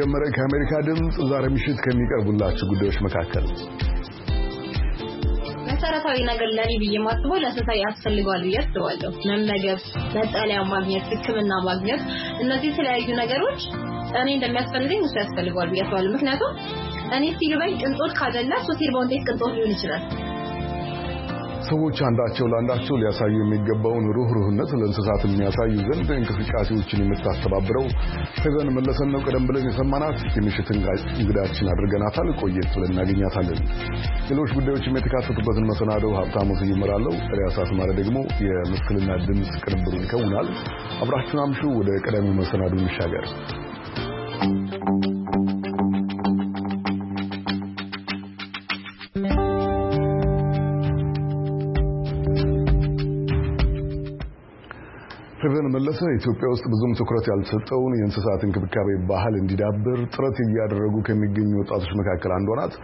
ጀመረ። ከአሜሪካ ድምፅ ዛሬ ምሽት ከሚቀርቡላችሁ ጉዳዮች መካከል መሰረታዊ ነገር ለኔ ብዬ ማስበው ለሰሳ ያስፈልገዋል ብዬ አስባለሁ። መመገብ፣ መጠለያ ማግኘት፣ ሕክምና ማግኘት፣ እነዚህ የተለያዩ ነገሮች እኔ እንደሚያስፈልገኝ እሱ ያስፈልገዋል ብዬ አስባለሁ። ምክንያቱም እኔ ሲርበኝ ቅንጦት ካደላ እሱ በወንዴት ቅንጦት ሊሆን ይችላል? ሰዎች አንዳቸው ለአንዳቸው ሊያሳዩ የሚገባውን ሩህሩህነት ለእንስሳት የሚያሳዩ ዘንድ እንቅስቃሴዎችን የምታስተባብረው ሄቨን መለሰን ነው። ቀደም ብለን የሰማናት የምሽትን እንግዳችን አድርገናታል። ቆየት ብለን እናገኛታለን። ሌሎች ጉዳዮችም የተካተቱበትን መሰናደው ሀብታሙ ስዩም እመራለሁ። አስማረ ደግሞ የምስልና ድምፅ ቅንብሩን ይከውናል። አብራችሁን አምሹ። ወደ ቀዳሚው መሰናዱ እንሻገር። ኢትዮጵያ ውስጥ ብዙም ትኩረት ያልተሰጠውን የእንስሳት እንክብካቤ ባህል እንዲዳብር ጥረት እያደረጉ ከሚገኙ ወጣቶች መካከል አንዷ ናት።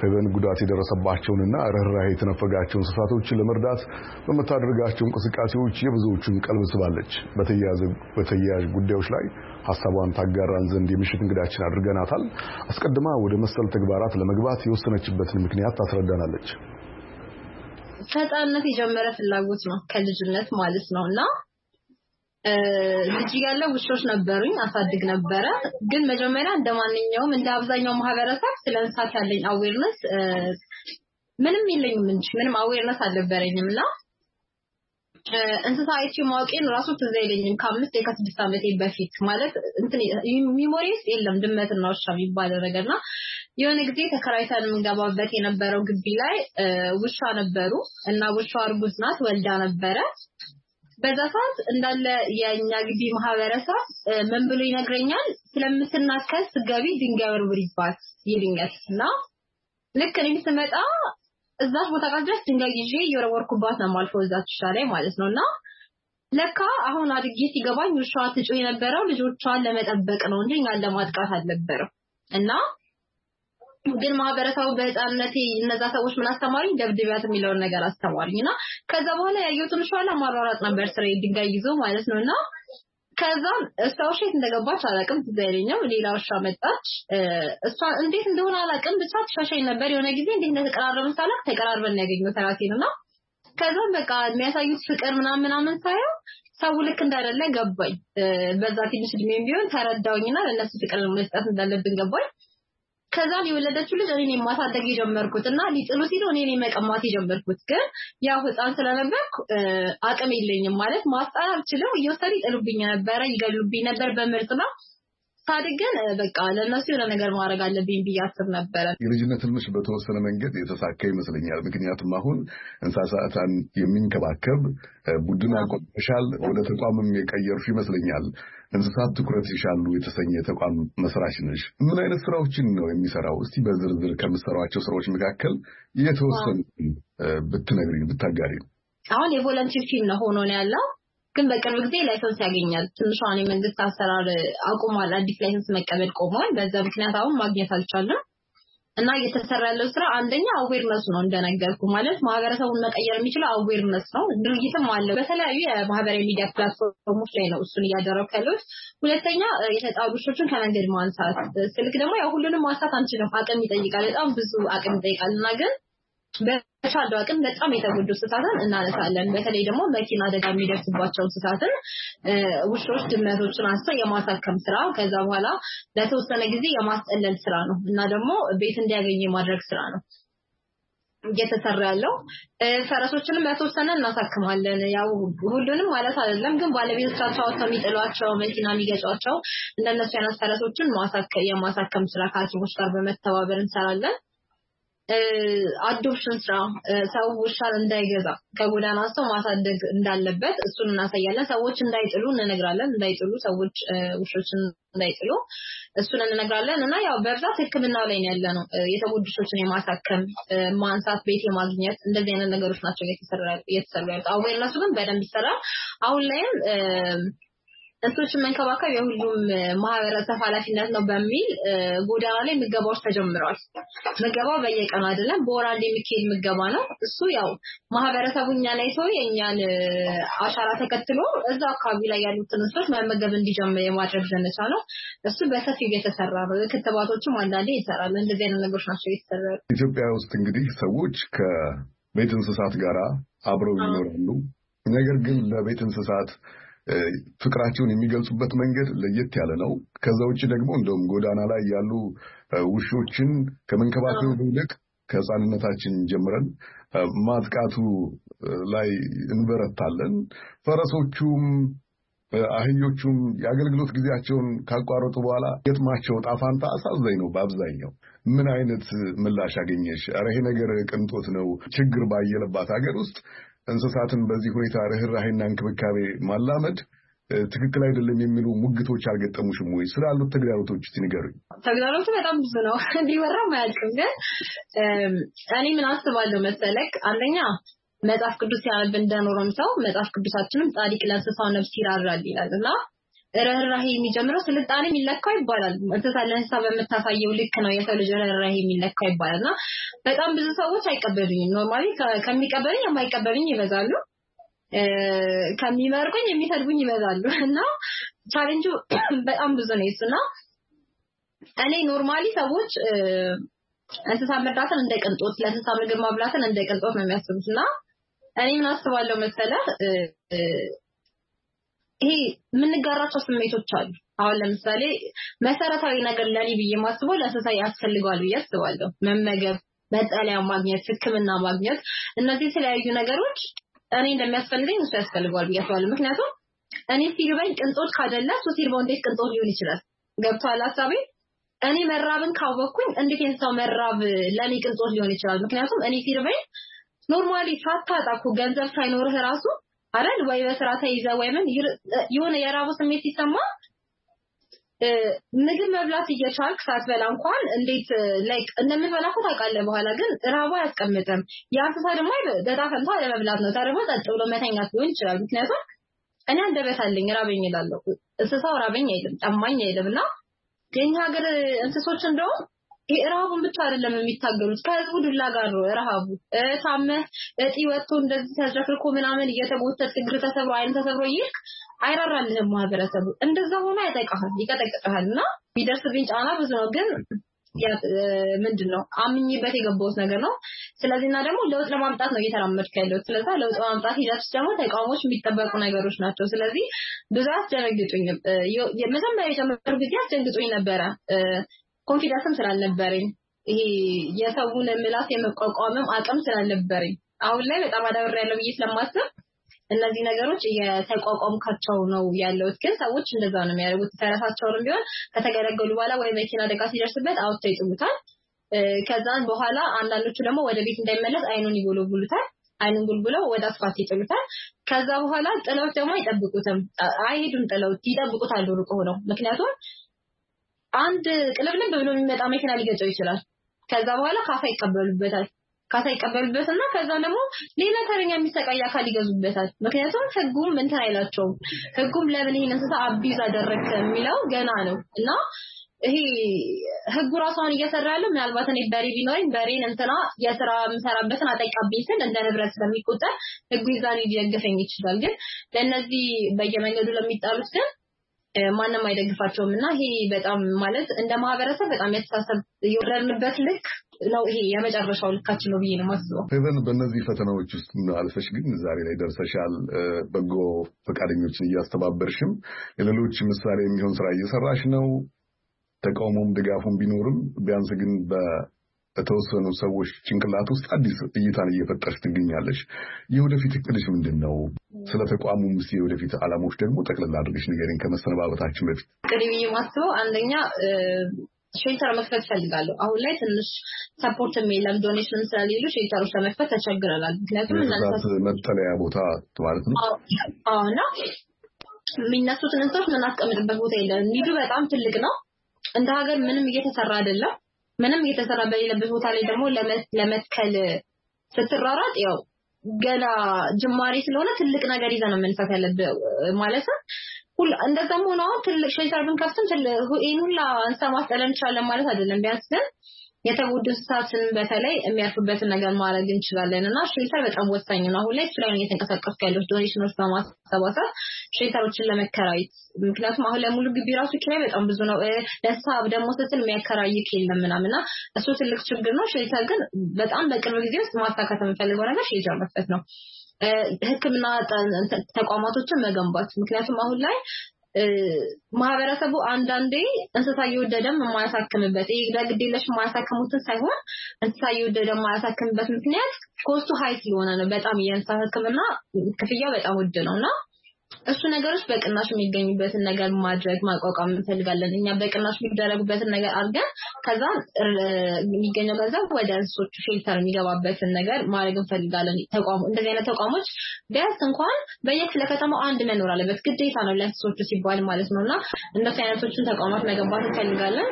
ፌቨን ጉዳት የደረሰባቸውንና ርኅራኄ የተነፈጋቸው እንስሳቶችን ለመርዳት በምታደርጋቸው እንቅስቃሴዎች የብዙዎቹን ቀልብ ስባለች። በተያያዥ ጉዳዮች ላይ ሀሳቧን ታጋራን ዘንድ የምሽት እንግዳችን አድርገናታል። አስቀድማ ወደ መሰል ተግባራት ለመግባት የወሰነችበትን ምክንያት ታስረዳናለች። ከህፃንነት የጀመረ ፍላጎት ነው፣ ከልጅነት ማለት ነው እና ልጅ ያለው ውሾች ነበሩኝ፣ አሳድግ ነበረ። ግን መጀመሪያ እንደ ማንኛውም እንደ አብዛኛው ማህበረሰብ ስለ እንስሳት ያለኝ አዌርነስ ምንም የለኝም እንጂ ምንም አዌርነስ አልነበረኝም እና እንስሳ አይቼ ማወቄን ራሱ ትዝ አይለኝም። ከአምስት ከስድስት ዓመቴ በፊት ማለት እንትን ሚሞሪ ውስጥ የለም ድመትና ውሻ የሚባል ነገርና የሆነ ጊዜ ተከራይተን የምንገባበት የነበረው ግቢ ላይ ውሻ ነበሩ እና ውሻ እርጉዝ ናት ወልዳ ነበረ በዛ ሰዓት እንዳለ የእኛ ግቢ ማህበረሰብ ምን ብሎ ይነግረኛል? ስለምትናከስ ገቢ ድንጋይ ወርውሪባት ይልኛል እና ልክ እኔም ስመጣ እዛች ቦታ ጋር ድረስ ድንጋይ ይዤ እየወረወርኩባት ነው የማልፈው እዛ ትሻ ላይ ማለት ነው እና ለካ አሁን አድጌ ሲገባኝ ውሻ ትጮ የነበረው ልጆቿን ለመጠበቅ ነው እንጂ እኛን ለማጥቃት አልነበረው እና ግን ማህበረሰቡ በህፃንነቴ እነዛ ሰዎች ምን አስተማሪኝ ደብድቢያት የሚለውን ነገር አስተማሪኝ እና ከዛ በኋላ ያየው ትንሽ ኋላ ማሯሯጥ ነበር ስራ ድንጋይ ይዞ ማለት ነው እና ከዛም እሷ ውሸት እንደገባች አላቅም ትዝ አይለኝም። ሌላ ውሻ መጣች። እሷ እንዴት እንደሆነ አላቅም ብቻ ትሻሻኝ ነበር። የሆነ ጊዜ እንዴት እንደተቀራረብን ሳላቅ ተቀራርበን ያገኘው ተራሴን እና ከዛም በቃ የሚያሳዩት ፍቅር ምናምን ምናምን ሳየው ሰው ልክ እንዳደለ ገባኝ። በዛ ትንሽ እድሜም ቢሆን ተረዳውኝና ለእነሱ ፍቅር መስጠት እንዳለብን ገባኝ። ከዛም የወለደችው ልጅ እኔ ማሳደግ የጀመርኩት እና ሊጥሉ ሲሉ እኔ መቀማት የጀመርኩት ግን ያው ህፃን ስለነበርኩ አቅም የለኝም ማለት ማስጣል አልችልም። እየወሰዱ ይጥሉብኝ ነበረ፣ ይገሉብኝ ነበር በምርጥ ነው ሳድግ ግን በቃ ለእነሱ የሆነ ነገር ማድረግ አለብኝ ብዬ አስብ ነበረ። የልጅነት ህልምሽ በተወሰነ መንገድ የተሳካ ይመስለኛል። ምክንያቱም አሁን እንስሳትን የሚንከባከብ ቡድን አቋቁመሻል፣ ወደ ተቋምም የቀየርሽ ይመስለኛል። እንስሳት ትኩረት ይሻሉ የተሰኘ ተቋም መስራች ነሽ። ምን አይነት ስራዎችን ነው የሚሰራው? እስቲ በዝርዝር ከምትሰሯቸው ስራዎች መካከል የተወሰኑ ብትነግሪኝ፣ ብታጋሪ። አሁን የቮለንቲር ቲም ነው ሆኖ ነው ያለው ግን በቅርብ ጊዜ ላይሰንስ ያገኛል። ትንሿን የመንግስት አሰራር አቁሟል። አዲስ ላይሰንስ መቀበል ቆሟል። በዛ ምክንያት አሁን ማግኘት አልቻለም እና እየተሰራ ያለው ስራ አንደኛ አዌርነሱ ነው እንደነገርኩ ማለት ማህበረሰቡን መቀየር የሚችለው አዌርነስ ነው። ድርጊትም አለው በተለያዩ የማህበራዊ ሚዲያ ፕላትፎርሞች ላይ ነው እሱን እያደረኩ ያለሁት። ሁለተኛ የተጣሉ ውሾችን ከመንገድ ማንሳት ስልክ ደግሞ ያው ሁሉንም ማንሳት አንችልም። አቅም ይጠይቃል። በጣም ብዙ አቅም ይጠይቃል እና ግን በቻለው አቅም በጣም የተጎዱ እንስሳትን እናነሳለን። በተለይ ደግሞ መኪና አደጋ የሚደርስባቸው እንስሳትን ውሾች፣ ድመቶችን አንስተው የማሳከም ስራ ከዛ በኋላ ለተወሰነ ጊዜ የማስጠለል ስራ ነው እና ደግሞ ቤት እንዲያገኝ የማድረግ ስራ ነው እየተሰራ ያለው። ፈረሶችንም በተወሰነ እናሳክማለን። ያው ሁሉንም ማለት አይደለም፣ ግን ባለቤቶቻቸው አውጥተው የሚጥሏቸው መኪና የሚገጫቸው እንደነሱ አይነት ፈረሶችን የማሳከም ስራ ከሐኪሞች ጋር በመተባበር እንሰራለን። አዶፕሽን ስራ ሰው ውሻን እንዳይገዛ ከጎዳና ሰው ማሳደግ እንዳለበት እሱን እናሳያለን። ሰዎች እንዳይጥሉ እንነግራለን። እንዳይጥሉ ሰዎች ውሾችን እንዳይጥሉ እሱን እንነግራለን እና ያው በብዛት ሕክምናው ላይ ያለ ነው። የተጎዱ ውሾችን የማሳከም ማንሳት፣ ቤት የማግኘት እንደዚህ አይነት ነገሮች ናቸው እየተሰሩ ያሉት። እነሱ ግን በደንብ ይሰራል። አሁን ላይም እንስሶችን መንከባከብ የሁሉም ማህበረሰብ ኃላፊነት ነው በሚል ጎዳና ላይ ምገባዎች ተጀምረዋል። ምገባ በየቀኑ አይደለም፣ በወር አንድ የሚካሄድ ምገባ ነው። እሱ ያው ማህበረሰቡ ላይ ሰው የእኛን አሻራ ተከትሎ እዛ አካባቢ ላይ ያሉት እንስሶች መመገብ እንዲጀምር የማድረግ ዘመቻ ነው። እሱ በሰፊው እየተሰራ ነው። ክትባቶችም አንዳንዴ ይሰራል። እንደዚህ አይነት ነገሮች ናቸው እየተሰራሉ። ኢትዮጵያ ውስጥ እንግዲህ ሰዎች ከቤት እንስሳት ጋር አብረው ይኖራሉ። ነገር ግን በቤት እንስሳት ፍቅራቸውን የሚገልጹበት መንገድ ለየት ያለ ነው። ከዛ ውጭ ደግሞ እንደውም ጎዳና ላይ ያሉ ውሾችን ከመንከባከብ ይልቅ ከህፃንነታችን ጀምረን ማጥቃቱ ላይ እንበረታለን። ፈረሶቹም አህዮቹም የአገልግሎት ጊዜያቸውን ካቋረጡ በኋላ ገጥማቸው ጣፋንታ አሳዛኝ ነው። በአብዛኛው ምን አይነት ምላሽ አገኘሽ? ኧረ ይሄ ነገር ቅንጦት ነው። ችግር ባየለባት ሀገር ውስጥ እንስሳትን በዚህ ሁኔታ ርኅራሄና እንክብካቤ ማላመድ ትክክል አይደለም የሚሉ ሙግቶች አልገጠሙሽም ወይ? ስላሉት ተግዳሮቶች እስኪ ተግዳሮቱ በጣም ብዙ ነው፣ እንዲወራ አያልቅም። ግን እኔ ምን አስባለሁ መሰለክ፣ አንደኛ መጽሐፍ ቅዱስ ሲያነብ እንደኖረም ሰው መጽሐፍ ቅዱሳችንም ጻድቅ ለእንስሳው ነፍስ ይራራል ይላል እና ርህራሄ የሚጀምረው ስልጣኔ የሚለካው ይባላል። እንስሳ ለእንስሳ በምታሳየው ልክ ነው የሰው ልጅ ርህራሄ የሚለካው ይባላል እና በጣም ብዙ ሰዎች አይቀበሉኝም። ኖርማሊ ከሚቀበሉኝ የማይቀበሉኝ ይበዛሉ፣ ከሚመርቁኝ የሚሰድቡኝ ይበዛሉ እና ቻሌንጁ በጣም ብዙ ነው እና። እኔ ኖርማሊ ሰዎች እንስሳ መርዳትን እንደ ቅንጦት፣ ለእንስሳ ምግብ ማብላትን እንደ ቅንጦት ነው የሚያስቡት እና እኔ ምን አስባለሁ መሰለህ ይሄ የምንጋራቸው ስሜቶች አሉ። አሁን ለምሳሌ መሰረታዊ ነገር ለኔ ብዬ ማስበው ለእንስሳ ያስፈልገዋል ብዬ አስባለሁ። መመገብ፣ መጠለያ ማግኘት፣ ሕክምና ማግኘት፣ እነዚህ የተለያዩ ነገሮች እኔ እንደሚያስፈልገኝ እሱ ያስፈልገዋል ብዬ አስባለሁ። ምክንያቱም እኔ ሲርበኝ ቅንጦት ካደላ እሱ ሲርበው እንዴት ቅንጦት ሊሆን ይችላል? ገብቷል ሀሳቤ? እኔ መራብን ካወቅኩኝ እንዴት የእንስሳው መራብ ለእኔ ቅንጦት ሊሆን ይችላል? ምክንያቱም እኔ ሲርበኝ ኖርማሊ ሳታጣኩ ገንዘብ ሳይኖርህ ራሱ አይደል ወይ በስራ ተይዘ ወይ ምን የሆነ የራቦ ስሜት ሲሰማ ምግብ መብላት እየቻልክ ሳትበላ እንኳን እንዴት ላይክ እንደምንበላኮ ታውቃለህ። በኋላ ግን ራቦ አያስቀምጥም። የአንስሳ ደግሞ በዕጣ ፈንታ ለመብላት ነው። ተርቦ ጠጥ ብሎ መተኛት ሊሆን ይችላል። ምክንያቱም እኔ አንደበት አለኝ ራበኝ እላለሁ። እንስሳው ራበኝ አይልም፣ ጠማኝ አይልም። እና የኛ ሀገር እንስሶች እንደውም ረሃቡን ብቻ አይደለም የሚታገሉት ከህዝቡ ዱላ ጋር ነው ረሃቡ። ታመህ እጢ ወጥቶ እንደዚህ ተዝረክርኮ ምናምን እየተጎተት እግር ተሰብሮ አይን ተሰብሮ ይልክ አይራራልህም ማህበረሰቡ። እንደዛ ሆኖ አይጠቃሃል፣ ይቀጠቅጠሃል እና ቢደርስብኝ ጫና ብዙ ነው ግን ምንድን ነው አምኝበት የገባሁት ነገር ነው። ስለዚህ እና ደግሞ ለውጥ ለማምጣት ነው እየተራመድኩ ያለሁት። ስለዛ ለውጥ ለማምጣት ሂደት ደግሞ ተቃውሞች የሚጠበቁ ነገሮች ናቸው። ስለዚህ ብዙ አስደነግጡኝም። መጀመሪያ የጀመሩ ጊዜ አስደንግጦኝ ነበረ። ኮንፊደንስም ስላልነበረኝ ይሄ የሰውን ምላስ የመቋቋምም አቅም ስላልነበረኝ አሁን ላይ በጣም ያለው ብዬ ስለማስብ እነዚህ ነገሮች የተቋቋምካቸው ነው ያለውት ግን ሰዎች እንደዛ ነው የሚያደርጉት። ፈረሳቸውንም ቢሆን ከተገለገሉ በኋላ ወይ መኪና አደጋ ሲደርስበት አውጥተው ይጥሉታል። ከዛን በኋላ አንዳንዶቹ ደግሞ ወደ ቤት እንዳይመለስ አይኑን ይጎለጉሉታል። አይኑን ጉልጉለው ወደ አስፋት ይጥሉታል። ከዛ በኋላ ጥለውት ደግሞ አይጠብቁትም፣ አይሄዱም። ጥለውት ይጠብቁታል ሩቅ ሆነው። ምክንያቱም አንድ ቅልብልብ ብሎ የሚመጣ መኪና ሊገጨው ይችላል። ከዛ በኋላ ካሳ ይቀበሉበታል። ካሳ ይቀበሉበት እና ከዛ ደግሞ ሌላ ተረኛ የሚሰቃይ አካል ይገዙበታል። ምክንያቱም ህጉም እንትን አይላቸውም። ህጉም ለምን ይሄን እንስሳ አቢዝ አደረግክ የሚለው ገና ነው እና ይሄ ህጉ ራሷን እየሰራ ያለው ምናልባት እኔ በሬ ቢኖረኝ በሬን እንትና የስራ የምሰራበትን አጠቃብኝ ስል እንደ ንብረት ስለሚቆጠር ህጉ ይዛን ሊደግፈኝ ይችላል። ግን ለእነዚህ በየመንገዱ ለሚጣሉት ግን ማንም አይደግፋቸውም እና ይሄ በጣም ማለት እንደ ማህበረሰብ በጣም ያስተሳሰብ የወረድንበት ልክ ነው። ይሄ የመጨረሻው ልካችን ነው ብዬ ነው ማስበው። ፌቨን፣ በእነዚህ ፈተናዎች ውስጥ አልፈሽ ግን ዛሬ ላይ ደርሰሻል። በጎ ፈቃደኞችን እያስተባበርሽም የሌሎች ምሳሌ የሚሆን ስራ እየሰራሽ ነው። ተቃውሞም ድጋፉም ቢኖርም ቢያንስ ግን በተወሰኑ ሰዎች ጭንቅላት ውስጥ አዲስ እይታን እየፈጠርሽ ትገኛለሽ። የወደፊት እቅድሽ ምንድን ነው? ስለ ተቋሙ እስኪ ወደፊት አላማዎች ደግሞ ጠቅልላ አድርገሽ ንገሪኝ ከመሰነባበታችን በፊት። ቅድም የማስበው አንደኛ ሼልተር መክፈት ፈልጋለሁ። አሁን ላይ ትንሽ ሰፖርት የለም፣ ዶኔሽን ስለሌሉ ሼልተሮች ለመክፈት ተቸግረናል። ምክንያቱም መጠለያ ቦታ ማለት ነው ና የሚነሱትን እንስሳት ምናስቀምጥበት ቦታ የለም። ኒዱ በጣም ትልቅ ነው። እንደ ሀገር ምንም እየተሰራ አይደለም። ምንም እየተሰራ በሌለበት ቦታ ላይ ደግሞ ለመትከል ስትራራጥ ያው ገና ጅማሬ ስለሆነ ትልቅ ነገር ይዘን የምንፈት ያለብ ማለት ነው። እንደዛም ሆኖ አሁን ትልቅ ሼልተር ብንከፍትም ይህን ሁላ እንስሳ ማስጠለል እንችላለን ማለት አይደለም። ቢያንስ ግን የተጎዱ እንስሳትን በተለይ የሚያርፉበትን ነገር ማድረግ እንችላለን እና ሼልተር በጣም ወሳኝ ነው። አሁን ላይ እሱ ላይ እየተንቀሳቀሱ ያሉት ዶኔሽኖች በማሰባሰብ ሼልተሮችን ለመከራየት ምክንያቱም አሁን ለሙሉ ግቢ ራሱ ኪራይ በጣም ብዙ ነው። ለሳብ ደግሞ ስትል የሚያከራይቅ የለም ምናምን እና እሱ ትልቅ ችግር ነው። ሼልተር ግን በጣም በቅርብ ጊዜ ውስጥ ማሳካት የምፈልገው ነገር ሼልተር መክፈት ነው። ሕክምና ተቋማቶችን መገንባት ምክንያቱም አሁን ላይ ማህበረሰቡ አንዳንዴ እንስሳ እየወደደም የማያሳክምበት ይህ ለግዴለሽ የማያሳክሙትን ሳይሆን እንስሳ እየወደደ የማያሳክምበት ምክንያት ኮስቱ ሀይ ስለሆነ ነው። በጣም የእንስሳ ሕክምና ክፍያው በጣም ውድ ነው እና እሱ ነገሮች በቅናሽ የሚገኙበትን ነገር ማድረግ ማቋቋም እንፈልጋለን። እኛ በቅናሽ የሚደረጉበትን ነገር አድርገን ከዛ የሚገኘው ገንዘብ ወደ እንስሶቹ ፊልተር የሚገባበትን ነገር ማድረግ እንፈልጋለን። ተቋሙ እንደዚህ አይነት ተቋሞች ቢያንስ እንኳን በየክፍለ ከተማው አንድ መኖር አለበት፣ ግዴታ ነው ለእንስሶቹ ሲባል ማለት ነው። እና እንደሱ አይነቶችን ተቋማት መገንባት እንፈልጋለን።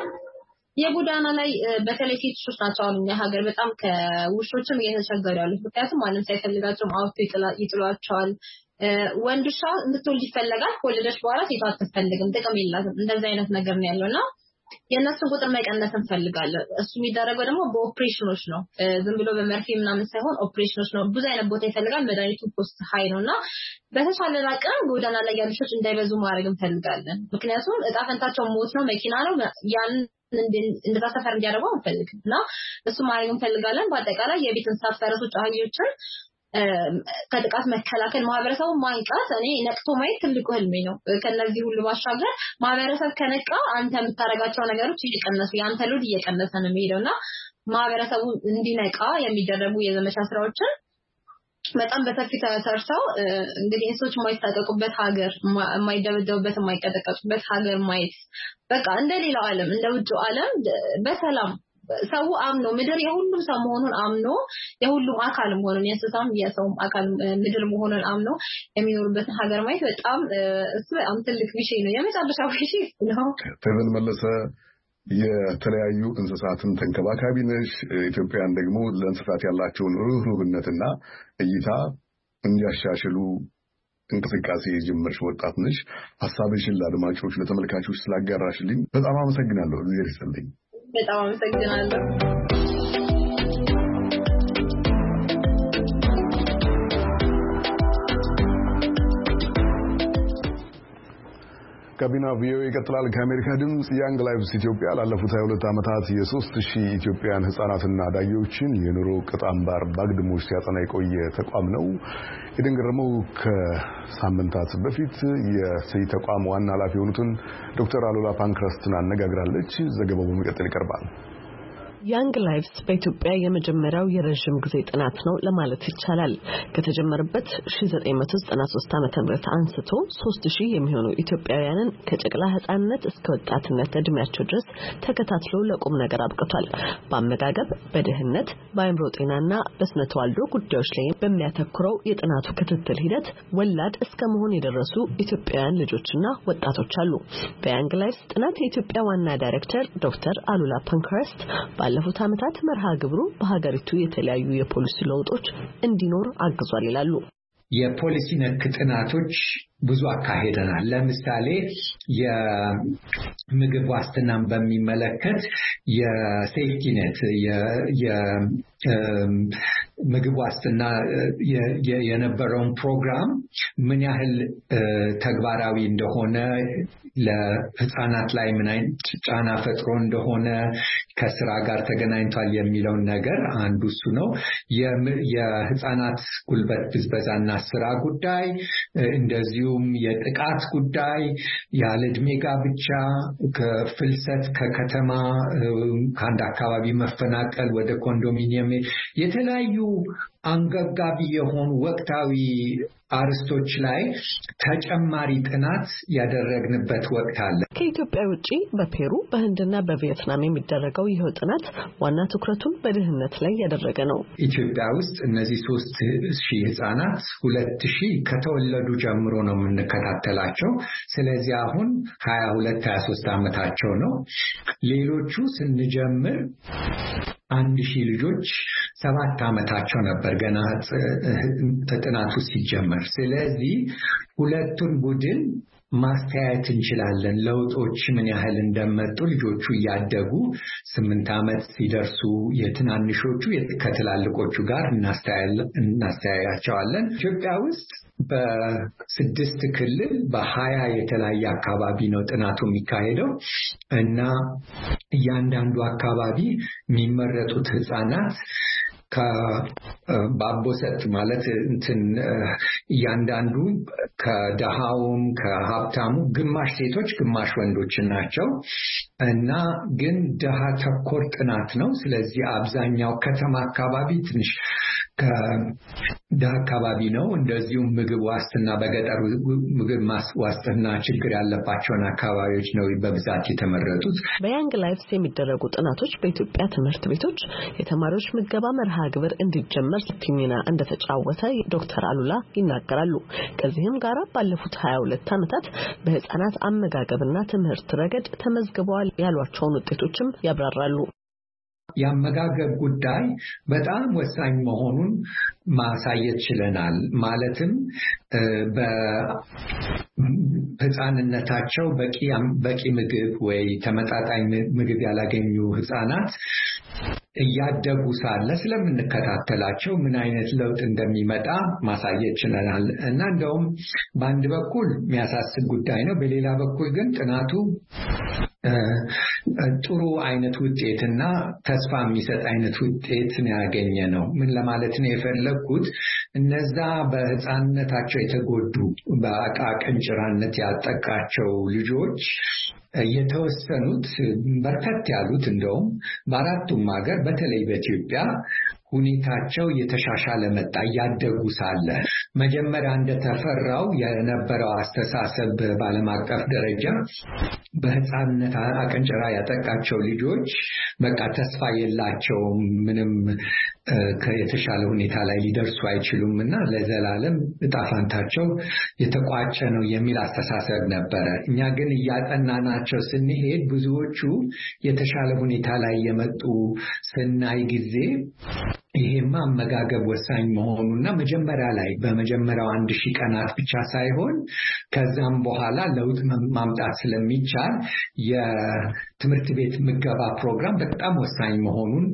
የጎዳና ላይ በተለይ ሴት ውሾች ናቸው አሁን እኛ ሀገር በጣም ከውሾችም እየተቸገሩ ያሉት፣ ምክንያቱም ማንም ሳይፈልጋቸውም አውቶ ይጥሏቸዋል። ወንድሻ ውሻ እንድትወልድ ይፈለጋል። ከወለደች በኋላ ሴቷ አትፈልግም፣ ጥቅም የላትም። እንደዚህ አይነት ነገር ነው ያለውና የእነሱን ቁጥር መቀነስ እንፈልጋለን። እሱ የሚደረገው ደግሞ በኦፕሬሽኖች ነው፣ ዝም ብሎ በመርፌ ምናምን ሳይሆን ኦፕሬሽኖች ነው። ብዙ አይነት ቦታ ይፈልጋል። መድኃኒቱ ኮስት ሀይ ነው እና በተቻለን አቅም ጎዳና ላይ ያሉ ውሾች እንዳይበዙ ማድረግ እንፈልጋለን። ምክንያቱም እጣ ፈንታቸው ሞት ነው፣ መኪና ነው። ያንን እንደዛ ሰፈር እንዲያደርጉ አንፈልግም እና እሱ ማድረግ እንፈልጋለን። በአጠቃላይ የቤት እንስሳት ፈረሶች፣ አህዮችን ከጥቃት መከላከል ማህበረሰቡ ማንቃት እኔ ነቅቶ ማየት ትልቁ ህልሜ ነው። ከነዚህ ሁሉ ባሻገር ማህበረሰብ ከነቃ አንተ የምታደርጋቸው ነገሮች እየቀነሱ የአንተ ሎድ እየቀነሰ ነው የሚሄደው እና ማህበረሰቡ እንዲነቃ የሚደረጉ የዘመቻ ስራዎችን በጣም በሰፊ ተሰርተው እንግዲህ እንስሶች የማይታቀቁበት ሀገር፣ የማይደበደቡበት፣ የማይቀጠቀጡበት ሀገር ማየት በቃ እንደ ሌላው ዓለም እንደ ውጭ ዓለም በሰላም ሰው አምኖ ምድር የሁሉም ሰው መሆኑን አምኖ የሁሉም አካል መሆኑን የእንስሳም የሰውም አካል ምድር መሆኑን አምኖ የሚኖሩበትን ሀገር ማየት በጣም እሱ በጣም ትልቅ ቪሽ ነው። የመጨረሻ ቪሽ ነው። ተብን መለሰ የተለያዩ እንስሳትን ተንከባካቢ ነሽ። ኢትዮጵያን ደግሞ ለእንስሳት ያላቸውን ርኅሩህነትና እይታ እንዲያሻሽሉ እንቅስቃሴ የጀመርሽ ወጣት ነሽ። ሀሳብሽን ለአድማጮች ለተመልካቾች ስላጋራሽልኝ በጣም አመሰግናለሁ። እግዚአብሔር ይስጥልኝ። 没到我们这边来 ጋቢና ቪኦኤ ይቀጥላል። ከአሜሪካ ድምፅ ያንግ ላይቭስ ኢትዮጵያ ላለፉት 22 ዓመታት የ3000 ኢትዮጵያን ህጻናትና አዳጊዎችን የኑሮ ቅጥ አምባር ባግድሞች ሲያጠና የቆየ ተቋም ነው። ኤደን ገረመው ከሳምንታት በፊት የዚህ ተቋም ዋና ኃላፊ የሆኑትን ዶክተር አሉላ ፓንክረስትን አነጋግራለች። ዘገባው በመቀጠል ይቀርባል። ያንግ ላይፍስ በኢትዮጵያ የመጀመሪያው የረዥም ጊዜ ጥናት ነው ለማለት ይቻላል። ከተጀመረበት 1993 ዓ.ም አንስቶ 3000 የሚሆኑ ኢትዮጵያውያንን ከጨቅላ ሕፃንነት እስከ ወጣትነት እድሜያቸው ድረስ ተከታትሎ ለቁም ነገር አብቅቷል። በአመጋገብ፣ በድህነት፣ በአእምሮ ጤናና በስነ ተዋልዶ ጉዳዮች ላይ በሚያተኩረው የጥናቱ ክትትል ሂደት ወላድ እስከ መሆን የደረሱ ኢትዮጵያውያን ልጆችና ወጣቶች አሉ። በያንግ ላይፍስ ጥናት የኢትዮጵያ ዋና ዳይሬክተር ዶክተር አሉላ ፓንክረስት ባለፉት ዓመታት መርሃ ግብሩ በሀገሪቱ የተለያዩ የፖሊሲ ለውጦች እንዲኖር አግዟል ይላሉ። የፖሊሲ ነክ ጥናቶች ብዙ አካሄደናል። ለምሳሌ የምግብ ዋስትናን በሚመለከት የሴፍቲኔት የምግብ ዋስትና የነበረውን ፕሮግራም ምን ያህል ተግባራዊ እንደሆነ ለህፃናት ላይ ምን አይነት ጫና ፈጥሮ እንደሆነ ከስራ ጋር ተገናኝቷል የሚለውን ነገር አንዱ እሱ ነው። የህፃናት ጉልበት ብዝበዛና ስራ ጉዳይ፣ እንደዚሁም የጥቃት ጉዳይ ያለ ዕድሜ ጋብቻ፣ ከፍልሰት ከከተማ ከአንድ አካባቢ መፈናቀል ወደ ኮንዶሚኒየም የተለያዩ አንገብጋቢ የሆኑ ወቅታዊ አርስቶች ላይ ተጨማሪ ጥናት ያደረግንበት ወቅት አለ። ከኢትዮጵያ ውጭ በፔሩ በህንድና በቪየትናም የሚደረገው ይኸው ጥናት ዋና ትኩረቱን በድህነት ላይ ያደረገ ነው። ኢትዮጵያ ውስጥ እነዚህ ሶስት ሺህ ህጻናት ሁለት ሺህ ከተወለዱ ጀምሮ ነው የምንከታተላቸው። ስለዚህ አሁን ሀያ ሁለት ሀያ ሶስት ዓመታቸው ነው። ሌሎቹ ስንጀምር አንድ ሺህ ልጆች ሰባት ዓመታቸው ነበር ገና ተጥናቱ ሲጀመር። ስለዚህ ሁለቱን ቡድን ማስተያየት እንችላለን። ለውጦች ምን ያህል እንደመጡ ልጆቹ እያደጉ ስምንት ዓመት ሲደርሱ የትናንሾቹ ከትላልቆቹ ጋር እናስተያያቸዋለን። ኢትዮጵያ ውስጥ በስድስት ክልል በሀያ የተለያየ አካባቢ ነው ጥናቱ የሚካሄደው እና እያንዳንዱ አካባቢ የሚመረጡት ህፃናት ከባቦሰት ማለት እንትን እያንዳንዱ ከደሃውም ከሀብታሙ ግማሽ ሴቶች ግማሽ ወንዶችን ናቸው እና ግን ደሃ ተኮር ጥናት ነው። ስለዚህ አብዛኛው ከተማ አካባቢ ትንሽ ከዳ አካባቢ ነው። እንደዚሁም ምግብ ዋስትና በገጠር ምግብ ዋስትና ችግር ያለባቸውን አካባቢዎች ነው በብዛት የተመረጡት። በያንግ ላይፍስ የሚደረጉ ጥናቶች በኢትዮጵያ ትምህርት ቤቶች የተማሪዎች ምገባ መርሃ ግብር እንዲጀመር ሚና እንደተጫወተ ዶክተር አሉላ ይናገራሉ። ከዚህም ጋር ባለፉት ሀያ ሁለት ዓመታት በህጻናት አመጋገብና ትምህርት ረገድ ተመዝግበዋል ያሏቸውን ውጤቶችም ያብራራሉ። የአመጋገብ ጉዳይ በጣም ወሳኝ መሆኑን ማሳየት ችለናል። ማለትም በህፃንነታቸው በቂ ምግብ ወይ ተመጣጣኝ ምግብ ያላገኙ ህፃናት እያደጉ ሳለ ስለምንከታተላቸው ምን አይነት ለውጥ እንደሚመጣ ማሳየት ችለናል እና እንደውም በአንድ በኩል የሚያሳስብ ጉዳይ ነው። በሌላ በኩል ግን ጥናቱ ጥሩ አይነት ውጤትና ተስፋ የሚሰጥ አይነት ውጤት ያገኘ ነው። ምን ለማለት ነው የፈለግኩት? እነዛ በህፃንነታቸው የተጎዱ ቅንጭራነት ያጠቃቸው ልጆች የተወሰኑት በርከት ያሉት እንደውም በአራቱም ሀገር በተለይ በኢትዮጵያ ሁኔታቸው የተሻሻለ መጣ እያደጉ ሳለ መጀመሪያ እንደተፈራው የነበረው አስተሳሰብ በዓለም አቀፍ ደረጃ በህፃንነት አቀንጨራ ያጠቃቸው ልጆች በቃ ተስፋ የላቸውም፣ ምንም የተሻለ ሁኔታ ላይ ሊደርሱ አይችሉም እና ለዘላለም እጣፋንታቸው የተቋጨ ነው የሚል አስተሳሰብ ነበረ። እኛ ግን እያጠናናቸው ስንሄድ ብዙዎቹ የተሻለ ሁኔታ ላይ የመጡ ስናይ ጊዜ ይሄማ አመጋገብ ወሳኝ መሆኑና መጀመሪያ ላይ በመጀመሪያው አንድ ሺህ ቀናት ብቻ ሳይሆን ከዛም በኋላ ለውጥ ማምጣት ስለሚቻል የትምህርት ቤት ምገባ ፕሮግራም በጣም ወሳኝ መሆኑን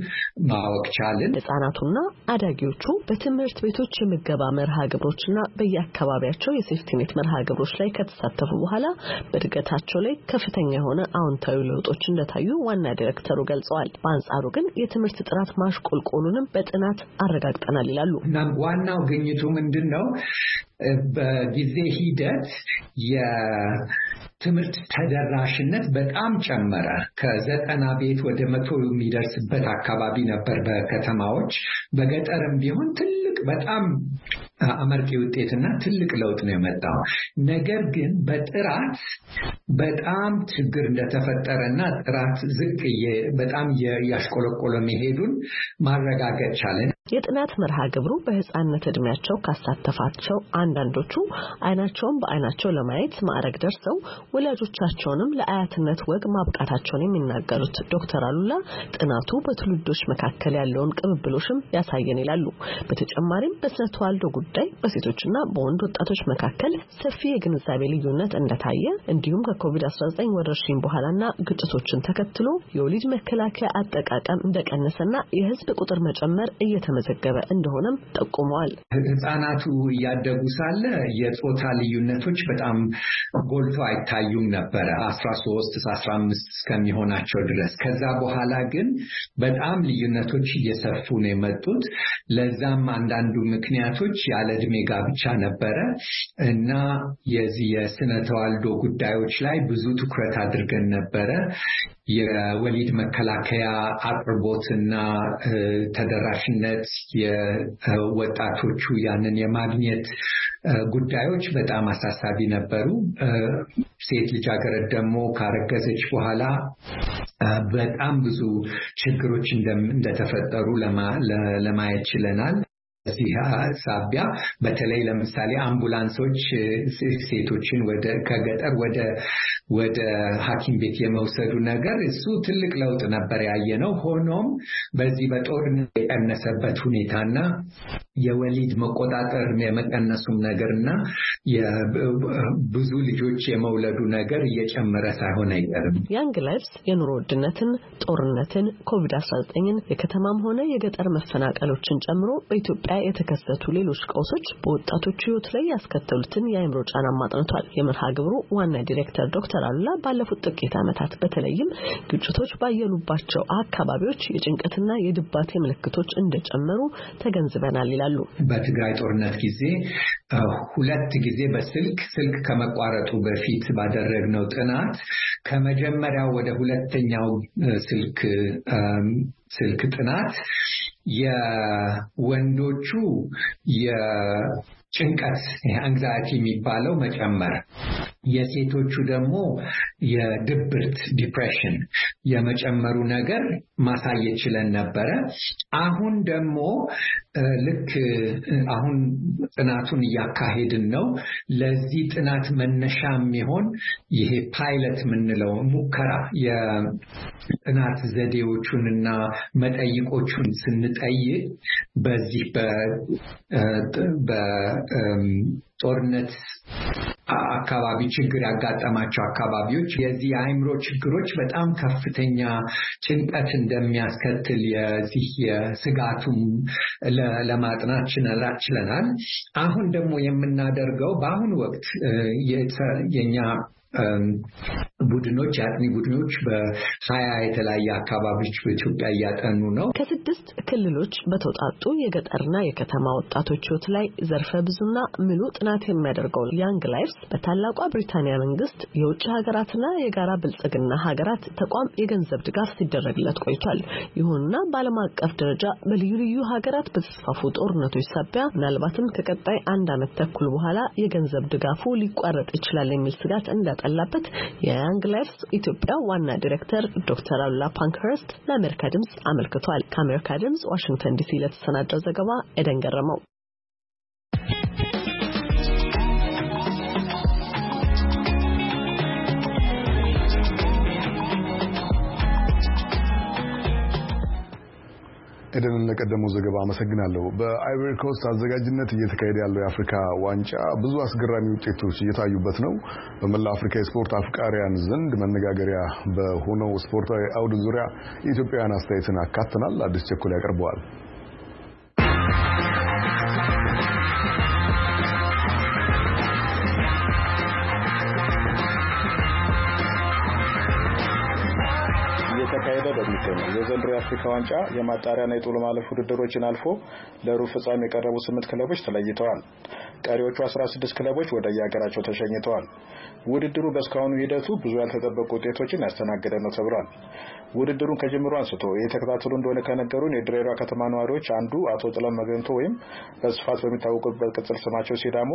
ማወቅ ቻልን። ህጻናቱና አዳጊዎቹ በትምህርት ቤቶች የምገባ መርሃ ግብሮችና በየአካባቢያቸው የሴፍቲኔት መርሃ ግብሮች ላይ ከተሳተፉ በኋላ በእድገታቸው ላይ ከፍተኛ የሆነ አዎንታዊ ለውጦች እንደታዩ ዋና ዲሬክተሩ ገልጸዋል። በአንጻሩ ግን የትምህርት ጥራት ማሽቆልቆሉንም በጥናት አረጋግጠናል ይላሉ። እናም ዋናው ግኝቱ ምንድን ነው? በጊዜ ሂደት ትምህርት ተደራሽነት በጣም ጨመረ። ከዘጠና ቤት ወደ መቶ የሚደርስበት አካባቢ ነበር በከተማዎች። በገጠርም ቢሆን ትልቅ በጣም አመርቂ ውጤትና ትልቅ ለውጥ ነው የመጣው። ነገር ግን በጥራት በጣም ችግር እንደተፈጠረና ጥራት ዝቅ በጣም ያሽቆለቆለ መሄዱን ማረጋገጥ ቻለን። የጥናት መርሃ ግብሩ በህፃነት እድሜያቸው ካሳተፋቸው አንዳንዶቹ አይናቸውን በአይናቸው ለማየት ማዕረግ ደርሰው ወላጆቻቸውንም ለአያትነት ወግ ማብቃታቸውን የሚናገሩት ዶክተር አሉላ ጥናቱ በትውልዶች መካከል ያለውን ቅብብሎሽም ያሳየን ይላሉ። በተጨማሪም በስነ ተዋልዶ ጉዳይ በሴቶችና በወንድ ወጣቶች መካከል ሰፊ የግንዛቤ ልዩነት እንደታየ እንዲሁም ከኮቪድ-19 ወረርሽኝ በኋላና ግጭቶችን ተከትሎ የወሊድ መከላከያ አጠቃቀም እንደቀነሰና የህዝብ ቁጥር መጨመር እየተ እየተመዘገበ እንደሆነም ጠቁመዋል። ህጻናቱ እያደጉ ሳለ የጾታ ልዩነቶች በጣም ጎልቶ አይታዩም ነበረ አስራ ሶስት አስራ አምስት እስከሚሆናቸው ድረስ። ከዛ በኋላ ግን በጣም ልዩነቶች እየሰፉ ነው የመጡት። ለዛም አንዳንዱ ምክንያቶች ያለ እድሜ ጋብቻ ነበረ እና የዚህ የስነ ተዋልዶ ጉዳዮች ላይ ብዙ ትኩረት አድርገን ነበረ። የወሊድ መከላከያ አቅርቦትና ተደራሽነት የወጣቶቹ ያንን የማግኘት ጉዳዮች በጣም አሳሳቢ ነበሩ። ሴት ልጃገረድ ደግሞ ካረገዘች በኋላ በጣም ብዙ ችግሮች እንደተፈጠሩ ለማየት ችለናል። በዚህ ሳቢያ በተለይ ለምሳሌ አምቡላንሶች ሴቶችን ከገጠር ወደ ወደ ሐኪም ቤት የመውሰዱ ነገር እሱ ትልቅ ለውጥ ነበር ያየ ነው። ሆኖም በዚህ በጦርነት የቀነሰበት ሁኔታና የወሊድ መቆጣጠር የመቀነሱም ነገርና ብዙ ልጆች የመውለዱ ነገር እየጨመረ ሳይሆን አይቀርም። ያንግ ላይፍስ የኑሮ ውድነትን፣ ጦርነትን፣ ኮቪድ-19ን፣ የከተማም ሆነ የገጠር መፈናቀሎችን ጨምሮ በኢትዮጵያ የተከሰቱ ሌሎች ቀውሶች በወጣቶች ሕይወት ላይ ያስከተሉትን የአእምሮ ጫና ማጥንቷል። የመርሃ ግብሩ ዋና ዲሬክተር ዶክተር ይሰራሉና ባለፉት ጥቂት ዓመታት በተለይም ግጭቶች ባየሉባቸው አካባቢዎች የጭንቀትና የድባቴ ምልክቶች እንደጨመሩ ተገንዝበናል ይላሉ። በትግራይ ጦርነት ጊዜ ሁለት ጊዜ በስልክ ስልክ ከመቋረጡ በፊት ባደረግነው ጥናት ከመጀመሪያው ወደ ሁለተኛው ስልክ ስልክ ጥናት የወንዶቹ የጭንቀት አንግዛይቲ የሚባለው መጨመር የሴቶቹ ደግሞ የድብርት ዲፕሬሽን የመጨመሩ ነገር ማሳየት ችለን ነበረ። አሁን ደግሞ ልክ አሁን ጥናቱን እያካሄድን ነው። ለዚህ ጥናት መነሻ የሚሆን ይሄ ፓይለት የምንለው ሙከራ የጥናት ዘዴዎቹን እና መጠይቆቹን ስንጠይቅ በዚህ በጦርነት አካባቢ ችግር ያጋጠማቸው አካባቢዎች የዚህ የአእምሮ ችግሮች በጣም ከፍተኛ ጭንቀት እንደሚያስከትል የዚህ የስጋቱም ለማጥናት ችለናል። አሁን ደግሞ የምናደርገው በአሁኑ ወቅት የኛ ቡድኖች የአጥኒ ቡድኖች በሀያ የተለያየ አካባቢዎች በኢትዮጵያ እያጠኑ ነው። ከስድስት ክልሎች በተውጣጡ የገጠርና የከተማ ወጣቶች ሕይወት ላይ ዘርፈ ብዙና ምሉ ጥናት የሚያደርገው ያንግ ላይፍስ በታላቋ ብሪታንያ መንግስት የውጭ ሀገራትና የጋራ ብልጽግና ሀገራት ተቋም የገንዘብ ድጋፍ ሲደረግለት ቆይቷል። ይሁንና በዓለም አቀፍ ደረጃ በልዩ ልዩ ሀገራት በተስፋፉ ጦርነቶች ሳቢያ ምናልባትም ከቀጣይ አንድ ዓመት ተኩል በኋላ የገንዘብ ድጋፉ ሊቋረጥ ይችላል የሚል ስጋት እንዳጠላበት ትራያንግ ላይፍ ኢትዮጵያ ዋና ዲሬክተር ዶክተር አሉላ ፓንክህርስት ለአሜሪካ ድምጽ አመልክቷል። ከአሜሪካ ድምፅ ዋሽንግተን ዲሲ ለተሰናዳው ዘገባ ኤደን ገረመው ኤደንን ለቀደመው ዘገባ አመሰግናለሁ። በአይቨሪ ኮስት አዘጋጅነት እየተካሄደ ያለው የአፍሪካ ዋንጫ ብዙ አስገራሚ ውጤቶች እየታዩበት ነው። በመላ አፍሪካ የስፖርት አፍቃሪያን ዘንድ መነጋገሪያ በሆነው ስፖርታዊ አውድ ዙሪያ የኢትዮጵያውያን አስተያየትን አካትናል። አዲስ ቸኮል ያቀርበዋል። የዘንድሮ የአፍሪካ ዋንጫ የማጣሪያና የጥሎ ማለፍ ውድድሮችን አልፎ ለሩብ ፍጻሜ የቀረቡ ስምንት ክለቦች ተለይተዋል። ቀሪዎቹ 16 ክለቦች ወደ የሀገራቸው ተሸኝተዋል። ውድድሩ በእስካሁኑ ሂደቱ ብዙ ያልተጠበቁ ውጤቶችን ያስተናገደ ነው ተብሏል። ውድድሩን ከጀምሩ አንስቶ የተከታተሉ እንደሆነ ከነገሩን የድሬዳዋ ከተማ ነዋሪዎች አንዱ አቶ ጥለም መገንቶ ወይም በስፋት በሚታወቁበት ቅጽል ስማቸው ሲዳሞ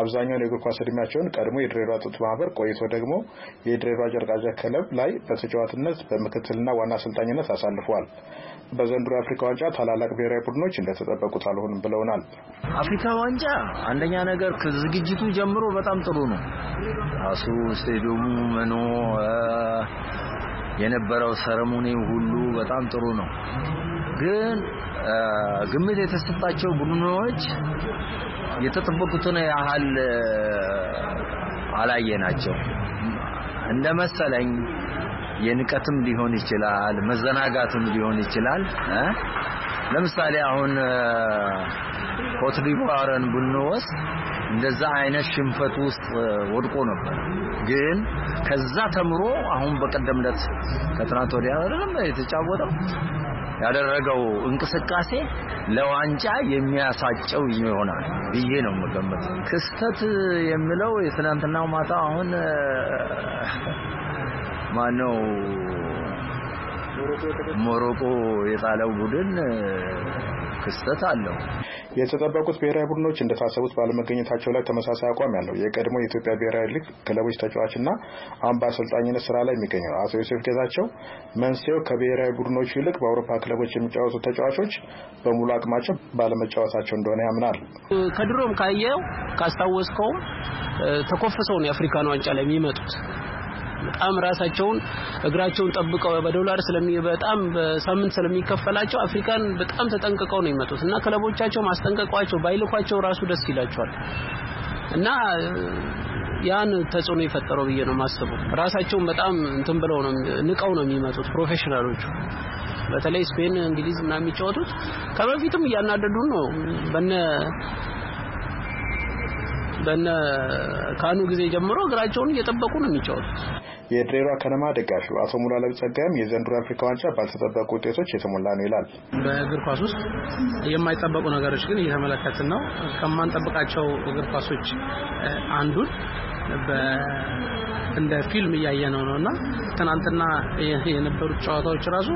አብዛኛውን የእግር ኳስ እድሜያቸውን ቀድሞ የድሬዳዋ ጡት ማህበር ቆይቶ ደግሞ የድሬዳዋ ጨርቃጨር ክለብ ላይ በተጫዋትነት በምክትልና ዋና አሰልጣኝነት አሳልፏል። በዘንድሮ የአፍሪካ ዋንጫ ታላላቅ ብሔራዊ ቡድኖች እንደተጠበቁት አልሆንም ብለውናል። አፍሪካ ዋንጫ አንደኛ ነገር ከዝግጅቱ ጀምሮ በጣም ጥሩ ነው። ራሱ ስቴዲየሙ ምኖ የነበረው ሰረሞኒው ሁሉ በጣም ጥሩ ነው። ግን ግምት የተሰጣቸው ቡድኖች የተጠበቁትን ያህል አላየናቸው እንደመሰለኝ። የንቀትም ሊሆን ይችላል፣ መዘናጋትም ሊሆን ይችላል። ለምሳሌ አሁን ኮትዲቯርን ብንወስድ እንደዛ አይነት ሽንፈት ውስጥ ወድቆ ነበር። ግን ከዛ ተምሮ አሁን በቀደምለት ከትናንት ወዲያ አይደለም የተጫወተው ያደረገው እንቅስቃሴ ለዋንጫ የሚያሳጨው ይሆናል ብዬ ነው የምገምት። ክስተት የምለው የትናንትናው ማታ አሁን ማነው ሞሮቆ የጣለው ቡድን ክስተት አለው። የተጠበቁት ብሔራዊ ቡድኖች እንደታሰቡት ባለመገኘታቸው ላይ ተመሳሳይ አቋም ያለው የቀድሞ የኢትዮጵያ ብሔራዊ ሊግ ክለቦች ተጫዋችና አምባ በአሰልጣኝነት ስራ ላይ የሚገኙ አቶ ዮሴፍ ጌታቸው መንስኤው ከብሔራዊ ቡድኖቹ ይልቅ በአውሮፓ ክለቦች የሚጫወቱ ተጫዋቾች በሙሉ አቅማቸው ባለመጫወታቸው እንደሆነ ያምናል። ከድሮም ካየው ካስታወስከውም ተኮፍሰው ነው የአፍሪካን ዋንጫ ላይ የሚመጡት በጣም ራሳቸውን እግራቸውን ጠብቀው በዶላር ስለሚ በጣም በሳምንት ስለሚከፈላቸው አፍሪካን በጣም ተጠንቅቀው ነው የሚመጡት እና ክለቦቻቸው ማስጠንቀቋቸው ባይልኳቸው ራሱ ደስ ይላቸዋል እና ያን ተጽዕኖ የፈጠረው ብዬ ነው የማስበው። ራሳቸውን በጣም እንትን ብለው ነው ንቀው ነው የሚመጡት ፕሮፌሽናሎቹ። በተለይ ስፔን፣ እንግሊዝ እና የሚጫወቱት ከበፊትም እያናደዱን ነው በነ በነ ካኑ ጊዜ ጀምሮ እግራቸውን እየጠበቁ ነው የሚጫወቱ። የድሬሯ ከነማ ደጋፊው አቶ ሙላለም ጸጋይም የዘንድሮ አፍሪካ ዋንጫ ባልተጠበቁ ውጤቶች የተሞላ ነው ይላል። በእግር ኳስ ውስጥ የማይጠበቁ ነገሮች ግን እየተመለከትን ነው። ከማንጠብቃቸው እግር ኳሶች አንዱን እንደ ፊልም እያየነው ነው ነውና ትናንትና የነበሩት ጨዋታዎች ራሱ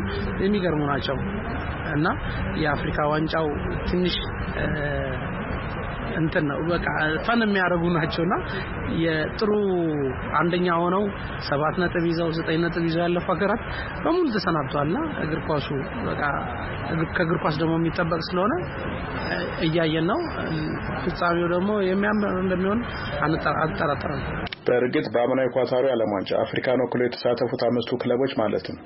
የሚገርሙ ናቸው እና የአፍሪካ ዋንጫው ትንሽ እንትን ነው በቃ ፈን የሚያደርጉ ናቸውና የጥሩ አንደኛ ሆነው ሰባት ነጥብ ይዘው ዘጠኝ ነጥብ ይዘው ያለፉ ሀገራት በሙሉ ተሰናብተዋልና እግር ኳሱ በቃ ከእግር ኳስ ደግሞ የሚጠበቅ ስለሆነ እያየን ነው። ፍጻሜው ደግሞ የሚያምር እንደሚሆን አንጠራጠርም። በእርግጥ በአምናዊ ኳታሪ ዓለም ዋንጫ አፍሪካን ወክሎ የተሳተፉት አምስቱ ክለቦች ማለትም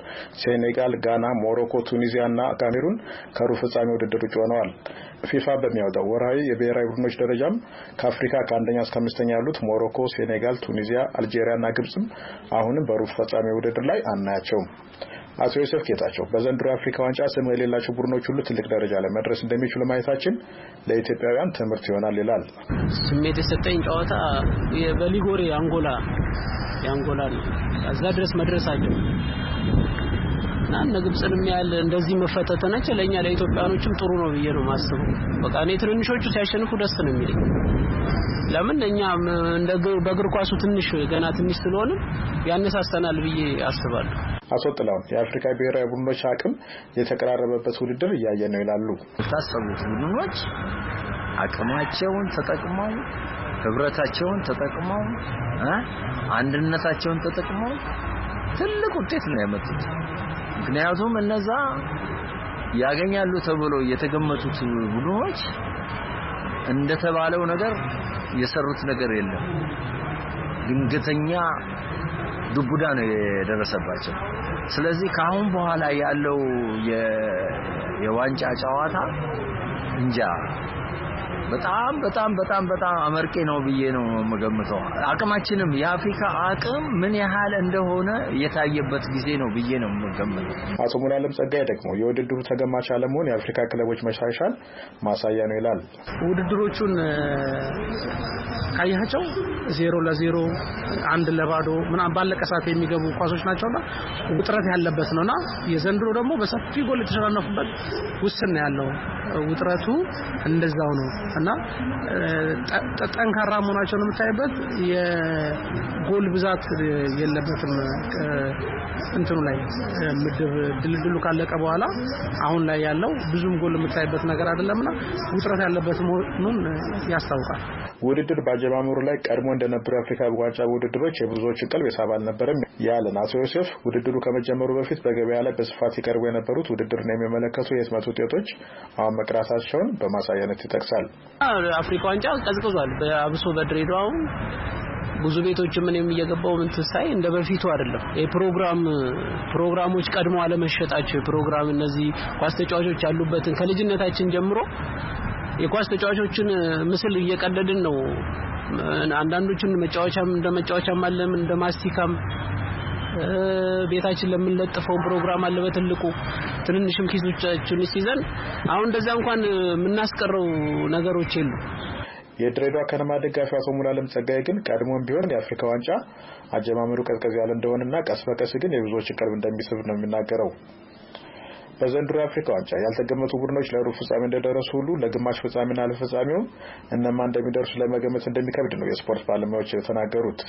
ሴኔጋል፣ ጋና፣ ሞሮኮ፣ ቱኒዚያ እና ካሜሩን ከሩብ ፍጻሜ ውድድር ውጭ ሆነዋል። ፊፋ በሚያወጣው ወርሃዊ የብሔራዊ ቡድኖች ደረጃም ከአፍሪካ ከአንደኛ እስከ አምስተኛ ያሉት ሞሮኮ፣ ሴኔጋል፣ ቱኒዚያ፣ እና ግብፅም አሁንም በሩብ ፍጻሜ ውድድር ላይ አናያቸውም። አቶ ዮሴፍ ጌታቸው በዘንድሮ የአፍሪካ ዋንጫ ስም የሌላቸው ቡድኖች ሁሉ ትልቅ ደረጃ ላይ መድረስ እንደሚችሉ ማየታችን ለኢትዮጵያውያን ትምህርት ይሆናል ይላል። ስሜት የሰጠኝ ጨዋታ በሊጎሬ አንጎላ የአንጎላ ነው። እዛ ድረስ መድረስ አለ እና እነ ግብፅንም ያህል እንደዚህ ነች ለእኛ ለኢትዮጵያኖችም ጥሩ ነው ብዬ ነው ማስበው። በቃ እኔ ትንንሾቹ ሲያሸንፉ ደስ ነው የሚለኝ። ለምን እኛ በእግር ኳሱ ትንሽ ገና ትንሽ ስለሆነ ያነሳሰናል ብዬ አስባለሁ። አቶ የአፍሪካ ብሔራዊ ቡድኖች አቅም የተቀራረበበት ውድድር እያየ ነው ይላሉ። የታሰቡት ቡድኖች አቅማቸውን ተጠቅመው ህብረታቸውን ተጠቅመው አንድነታቸውን ተጠቅመው ትልቅ ውጤት ነው ያመጡት። ምክንያቱም እነዛ ያገኛሉ ተብሎ የተገመቱት ቡድኖች እንደተባለው ነገር የሰሩት ነገር የለም። ድንገተኛ ዱቡዳ ነው የደረሰባቸው። ስለዚህ ከአሁን በኋላ ያለው የዋንጫ ጨዋታ እንጃ በጣም በጣም በጣም በጣም አመርቄ ነው ብዬ ነው የምገምተው። አቅማችንም የአፍሪካ አቅም ምን ያህል እንደሆነ የታየበት ጊዜ ነው ብዬ ነው የምገምተው። አቶ ሙላለም ጸጋዬ ደግሞ የውድድሩ ተገማች አለመሆን የአፍሪካ ክለቦች መሻሻል ማሳያ ነው ይላል። ውድድሮቹን ካያቸው ዜሮ ለዜሮ አንድ ለባዶ ምናምን ባለቀ ሰዓት የሚገቡ ኳሶች ናቸውና ውጥረት ያለበት ነውና የዘንድሮ ደግሞ በሰፊ ጎል የተሸናነፉበት ውስን ያለው። ውጥረቱ እንደዛው ነው። እና ጠንካራ ነው የምታይበት የጎል ብዛት የለበትም። እንትኑ ላይ ምድብ ድልድሉ ካለቀ በኋላ አሁን ላይ ያለው ብዙም ጎል የምታይበት ነገር አይደለምና ውጥረት ያለበት መሆኑን ያስታውቃል። ውድድር በአጀማመሩ ላይ ቀድሞ እንደነበሩ የአፍሪካ ዋንጫ ውድድሮች የብዙዎችን ቀልብ የሳበ አልነበረም ያለን አቶ ዮሴፍ ውድድሩ ከመጀመሩ በፊት በገበያ ላይ በስፋት ይቀርቡ የነበሩት ውድድርን የሚመለከቱ የህትመት ውጤቶች አሁን መቅራታቸውን በማሳያነት ይጠቅሳል። አፍሪካ ዋንጫ ቀዝቅዟል። አብሶ በድሬዳዋ ብዙ ቤቶች ምን እየገባው ምን ትሳይ እንደ በፊቱ አይደለም። የፕሮግራም ፕሮግራሞች ቀድሞ አለመሸጣቸው የፕሮግራም እነዚህ ኳስ ተጫዋቾች ያሉበትን ከልጅነታችን ጀምሮ የኳስ ተጫዋቾችን ምስል እየቀደድን ነው። አንዳንዶቹን መጫወቻም እንደ መጫወቻም አለም እንደ ማስቲካም ቤታችን ለምንለጥፈው ፕሮግራም አለ በትልቁ ትንንሽም ኪሶቻችን ሲዘን አሁን እንደዛ እንኳን የምናስቀረው ነገሮች የሉ። የድሬዳዋ ከነማ ደጋፊ አቶ ሙላለም ጸጋይ ግን ቀድሞም ቢሆን የአፍሪካ ዋንጫ አጀማመሩ ቀዝቀዝ ያለ እንደሆነና ቀስ በቀስ ግን የብዙዎችን ቀልብ እንደሚስብ ነው የሚናገረው። በዘንድሮ የአፍሪካ ዋንጫ ያልተገመቱ ቡድኖች ለሩብ ፍጻሜ እንደደረሱ ሁሉ ለግማሽ ፍጻሜና ለፍጻሜው እነማን እንደሚደርሱ ለመገመት እንደሚከብድ ነው የስፖርት ባለሙያዎች የተናገሩት።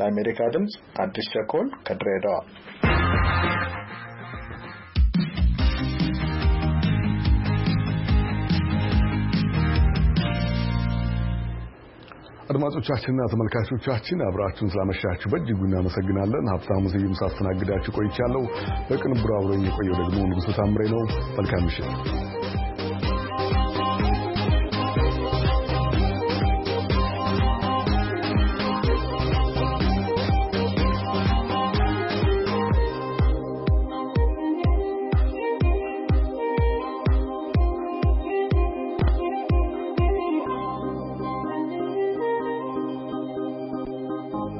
ለአሜሪካ ድምጽ አዲስ ቸኮል ከድሬዳዋ አድማጮቻችንና ተመልካቾቻችን አብራችሁን ስላመሻችሁ በእጅጉ እናመሰግናለን። ሀብታሙ ስዩም ሳስተናግዳችሁ ቆይቻለሁ። በቅንብሩ አብሮኝ የቆየው ደግሞ ንጉሥ ታምሬ ነው። መልካም ምሽት።